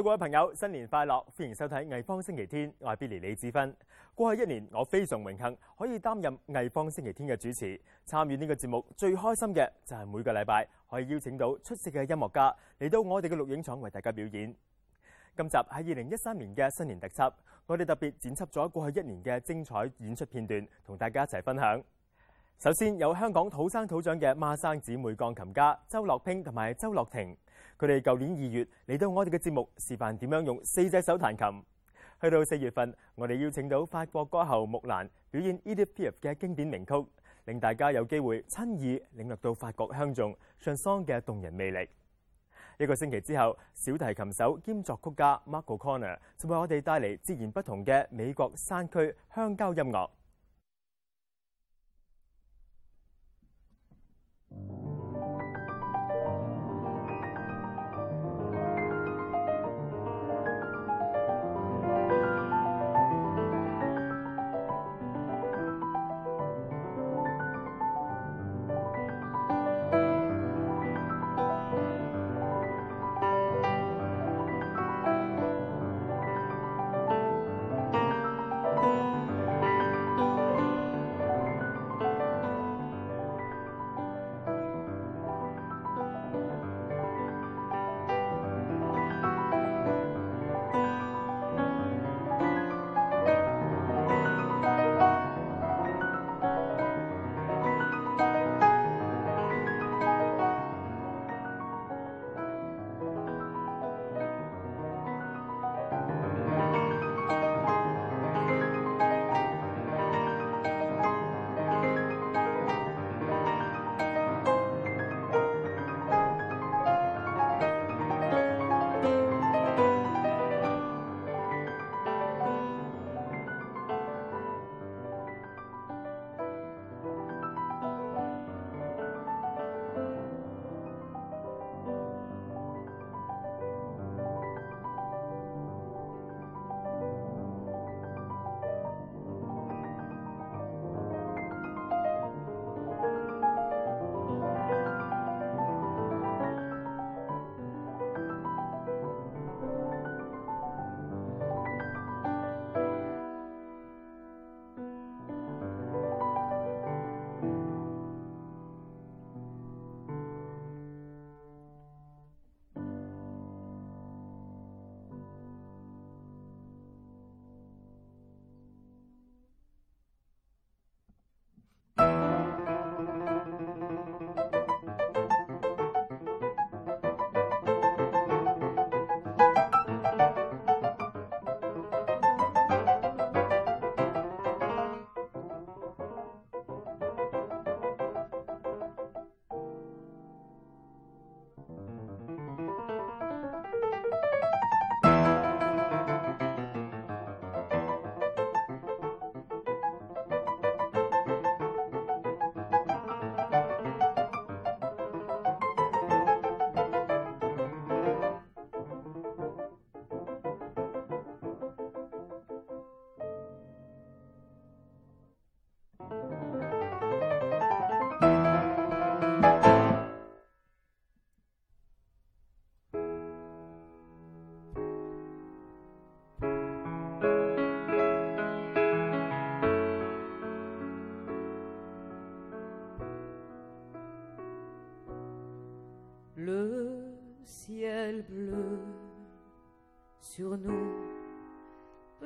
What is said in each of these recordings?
各位朋友，新年快樂，歡迎收睇《藝坊星期天》，我係 Billy 李志芬。過去一年，我非常榮幸可以擔任《藝坊星期天》嘅主持。參與呢個節目最開心嘅就係每個禮拜可以邀請到出色嘅音樂家嚟到我哋嘅錄影廠為大家表演。今集喺二零一三年嘅新年特輯，我哋特別剪輯咗過去一年嘅精彩演出片段，同大家一齊分享。首先有香港土生土長嘅孖生姊妹鋼琴家周樂娉同埋周樂婷。佢哋舊年二月嚟到我哋嘅節目示範點樣用四隻手彈琴。去到四月份，我哋邀請到法國歌后木蘭表演《Edith Piaf》嘅經典名曲，令大家有機會親耳領略到法國香頌 Chanson 嘅動人魅力。一個星期之後，小提琴手兼作曲家 Mark O’Connor 就為我哋帶嚟截然不同嘅美國山區鄉郊音樂。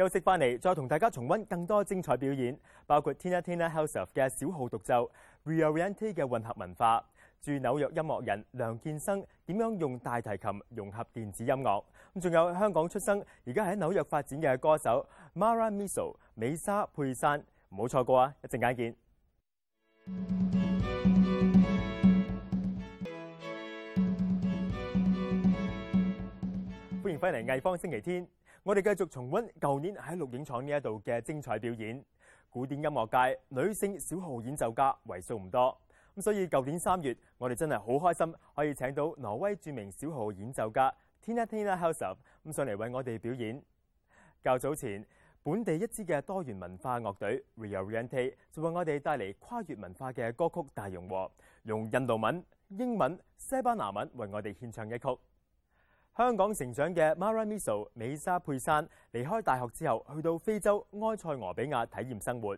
休息翻嚟，再同大家重溫更多精彩表演，包括 Tina Tina House of 嘅小號獨奏，Reorient 嘅混合文化，駐紐約音樂人梁建生點樣用大提琴融合電子音樂，咁仲有香港出生而家喺紐約發展嘅歌手 Mara Miso 美莎佩珊，唔好錯過啊！一陣間見，歡迎翻嚟藝坊星期天。我哋繼續重溫舊年喺錄影廠呢一度嘅精彩表演。古典音樂界女性小號演奏家為數唔多，咁所以舊年三月，我哋真係好開心可以請到挪威著名小號演奏家 Tine Thing Helseth 咁上嚟為我哋表演。較早前，本地一支嘅多元文化樂隊 Reorientate 就為我哋帶嚟跨越文化嘅歌曲大融合，用印度文、英文、西班牙文為我哋獻唱一曲。香港成長嘅 Mara Miso 美沙佩珊，離開大學之後，去到非洲埃塞俄比亞體驗生活。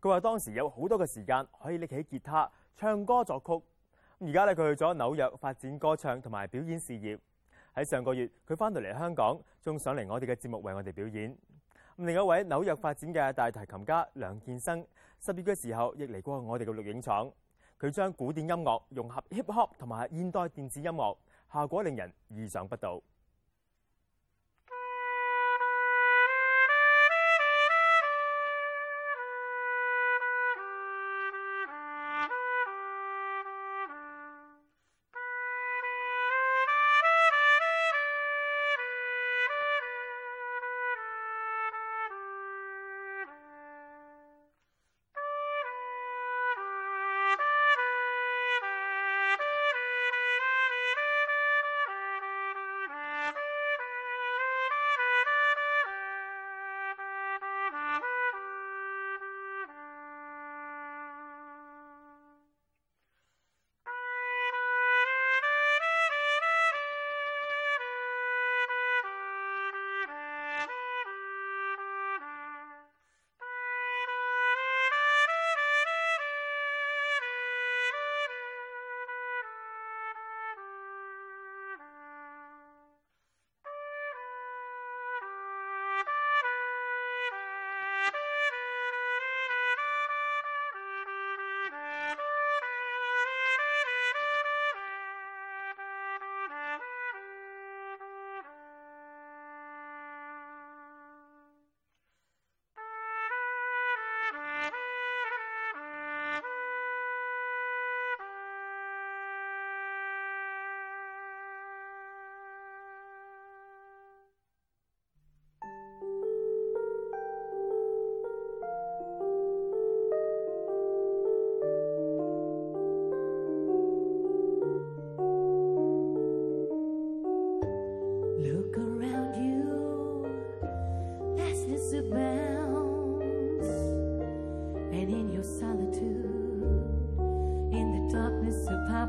佢話當時有好多嘅時間可以拎起吉他唱歌作曲。而家咧佢去咗紐約發展歌唱同埋表演事業。喺上個月佢翻到嚟香港，仲上嚟我哋嘅節目為我哋表演。咁另一位紐約發展嘅大提琴家梁建生，十月嘅時候亦嚟過我哋嘅錄影廠。佢將古典音樂融合 hip hop 同埋現代電子音樂。效果令人意想不到。